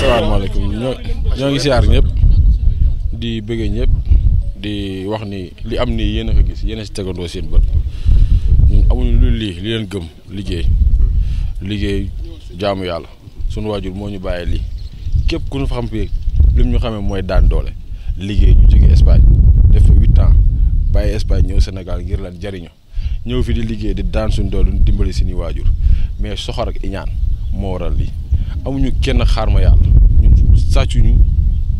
salaamaaleykum ñoo ñoo ngi siyaar ñëpp di bëggee ñëpp di wax ni li am nii yéen a ko gis yéen a tegandoo seen bët ñun amuñu lu lii li leen gëm liggéey liggéey jaamu yàlla sunu waajur moo ñu bàyyi képp ku ñu xam ñu xamee mooy daan doole liggéey ñu jóge Espagne def fa huit ans bàyyi Espagne ñëw senegal ngir la jariñu ñëw fi di liggéey di daan suñu doole dimbali suñuy waajur mais soxor ak iñaan moo waral lii amuñu kenn xaar ma yàlla sàccuñu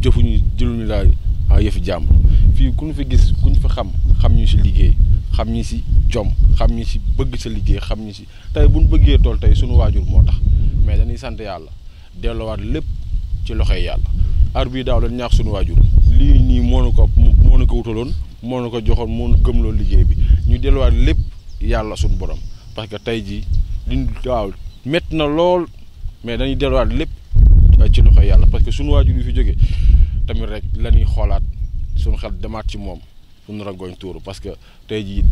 jëfuñu jëluñu daal yëfi jàmm fii ku ñu fi gis ku ñu fi xam xam ñu si liggéey xam ñi si jom xam ñi si bëgg sa liggéey xam ñi si tey bu ñu bëggee tool tey suñu waajur moo tax mais dañuy sant yàlla delloowaat lépp ci loxoy yàlla ar bii daaw dañ ñaax suñu waajur lii nii moo na ko moo na ko wutaloon moo na ko joxoon moo na loo liggéey bi ñu delluwaat lépp yàlla suñu borom parce que tey jii liñ daaw métti na lool mais dañuy delluwaat lépp ci loxo yàlla parce que suñu waajur yu fi jógee tamit rek la ñuy xoolaat suñu xel demaat ci moom suñu rangoñ tuuru parce que tey jii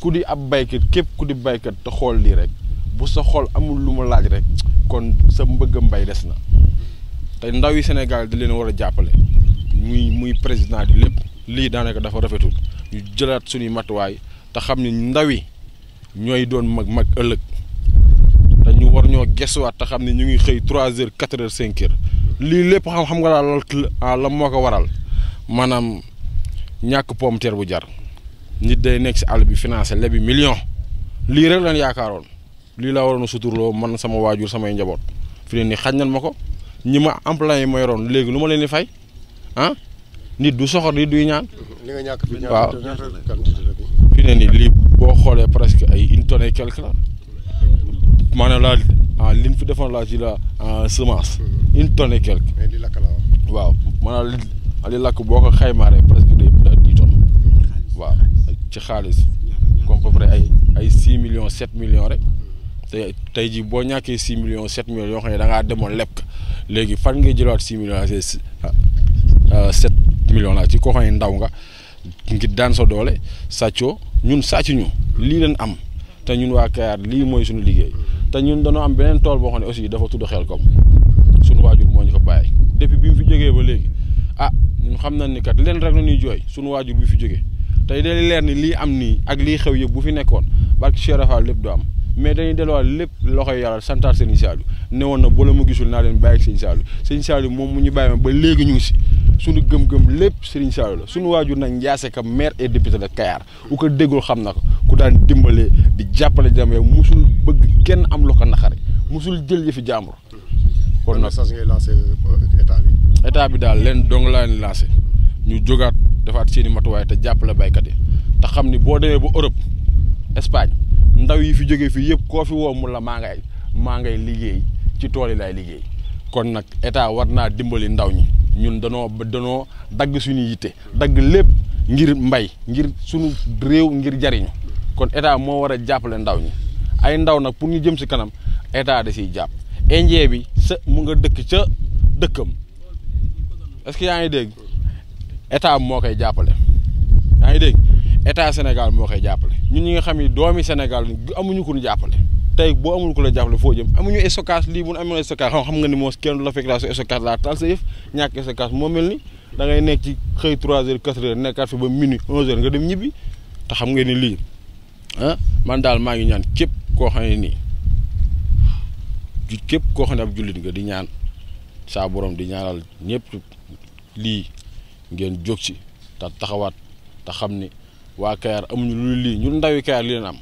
ku di ab baykat képp ku di baykat te xool lii rek bu sa xool amul lu ma laaj rek kon sa mbëgg mbay des na te ndaw yi Sénégal da leen war a jàppale muy muy président di lépp lii daanaka dafa rafetul ñu jëlaat suñuy matuwaay te xam ne ndaw yi ñooy doon mag mag ëllëg gëstuwaat te xam ne ñu ngi xëy trois heures quatre heures cinq lii lépp xam-xam nga daal la la moo ko waral maanaam ñàkk pomme bu jar nit day nekk si àll bi financé lebi million lii rek lañ yaakaaroon lii laa waroon a suturloo man sama waajur samay njaboot fi leen ni xañ nan ma ko ñi ma employé ma yoroon léegi lu ma leen di fay ah nit du soxor nit duy ñaan. li nga ñàkk fi waaw fi ne nii lii boo xoolee presque ay une tonne quelque la ah li fi defoon laa ci la semence. Mm-hmm. une tonne et quelque. mais waaw. waaw maanaam lakk boo ko xaymaaree presque day daal dix mm-hmm. waaw ci xaalis. comme peu ay ay six millions sept millions rek. te tey jii boo ñàkkee six millions sept millions yoo xam ne da ngaa demoon lepp léegi fan ngay jëlaat six millions ak euh, sept millions ci koo xam ne ndaw nga ngir daan sa doole sàccoo ñun sàcc ñu lii leen am te ñun waa Kayar lii mooy suñu liggéey. Mm-hmm. te dañoo am beneen tool boo xam ne aussi dafa tudd Xelkom suñu waajur moo ñu ko bàyyi depuis bi mu fi jógee ba léegi ah ñun xam na ni kat leen rek la ñuy jooy suñu waajur bi fi jógee tey day leer ni lii am nii ak lii xew yëpp bu fi nekkoon barke Cheikh Rafal lépp du am mais dañuy delluwaat lépp loxo yàlla santaat Serigne Saliou ne woon na bala mu gisul naa leen bàyyi ak Serigne Saliou Serigne Saliou moom mu ñu bàyyi ma ba léegi ñu ngi si suñu gëm-gëm lépp Serigne Saliou suñu waajur nag Ndiassé Ka maire et député de Kayar ku ko déggul xam na ko ku daan dimbalee jàppale jàmm yow musul bëgg kenn am lu ko naqari musul jël yëfi jàmbur. kon nag message ngay euh, état bi. état bi daal leen dong laa lancé ñu jógaat defaat seen i matuwaay te jàppale baykat yi te xam ni boo demee ba Europe Espagne ndaw yi fi jóge fii yëpp koo fi woo mu la maa ngay maa ngay liggéey ci tool yi laay liggéey kon nag état war naa dimbali ndaw ñi ñun danoo danoo dagg suñu yitte dagg lépp ngir mbay ngir suñu réew ngir jariñu kon état moo war a jàppale ndaw ñi ay ndaw nag pour ñu jëm si kanam état da siy jàpp indien bi sa mu nga dëkk ca dëkkam est yaa ngi dégg état moo koy jàppale yaa ngi dégg état Sénégal moo koy jàppale ñun ñi nga xam ni doomi Sénégal amuñu ku ñu jàppale tey boo amul ku la jàppale foo jëm amuñu stockage lii bu nu amee stockage xam nga ni moom kenn du la fekk daal sa stockage laa taal sa yëf ñàkk stockage moo mel ni da nekk ci xëy 3 heures 4 heures nekkaat fi ba minuit 11 heures nga dem ñibbi te xam nga ni lii. ah man daal maa ngi ñaan képp koo xam nii ju képp koo xam ne ab jullit nga di ñaan saa boroom di ñaanal ñëpp lii ngeen jóg ci te taxawaat te xam ni waa Kayar amuñu lu lii ñun ndawi Kayar li leen am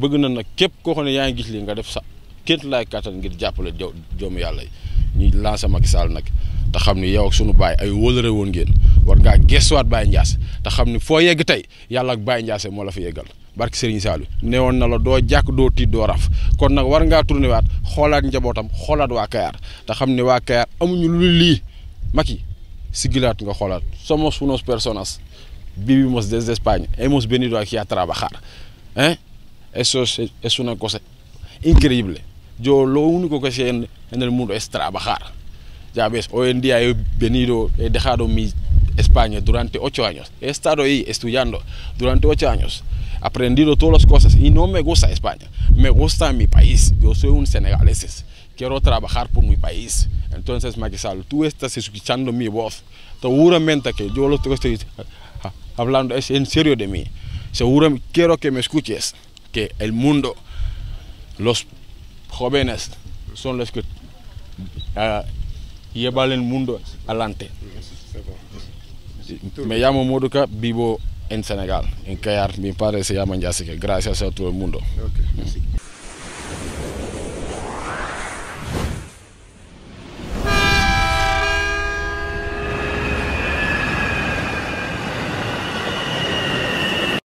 bëgg na nag képp koo xam ne yaa ngi gis lii nga def sa kéent laay kàttan ngir jàppale jo joomu yàlla yi ñuy lancer Macky Sall nag te xam ni yow ak sunu baay ay wóolare woon ngeen war ngaa gestuwaat Baye Ndiass te xam ni foo yegg tey yàlla ak Baye Ndiass moo la fa yeggal barki Serigne Saliou ne woon na la doo jàkk doo tiit doo raf kon nag war ngaa tourné waat xoolaat njabootam xoolaat waa Kayar te xam ni waa Kayar amuñu lu lii Macky sigilaat nga xoolaat somos unos personas vivimos desde España hemos venido aquí a trabajar hein eso es una cosa increíble yo lo único que sé en, el mundo es trabajar. Ya ves, hoy en día he venido, he dejado mi España durante ocho años. He estado ahí estudiando durante ocho años, aprendido todas las cosas y no me gusta España, me gusta mi país. Yo soy un senegalés, quiero trabajar por mi país. Entonces, Maquisal, tú estás escuchando mi voz. Seguramente que yo lo que estoy hablando es en serio de mí. quiero que me escuches, que el mundo, los jóvenes son los que uh, ah, llevan el mundo adelante. Me llamo Moduka, vivo en Senegal, en Cayar. Mi padre se llama Yasique. Gracias a todo el mundo.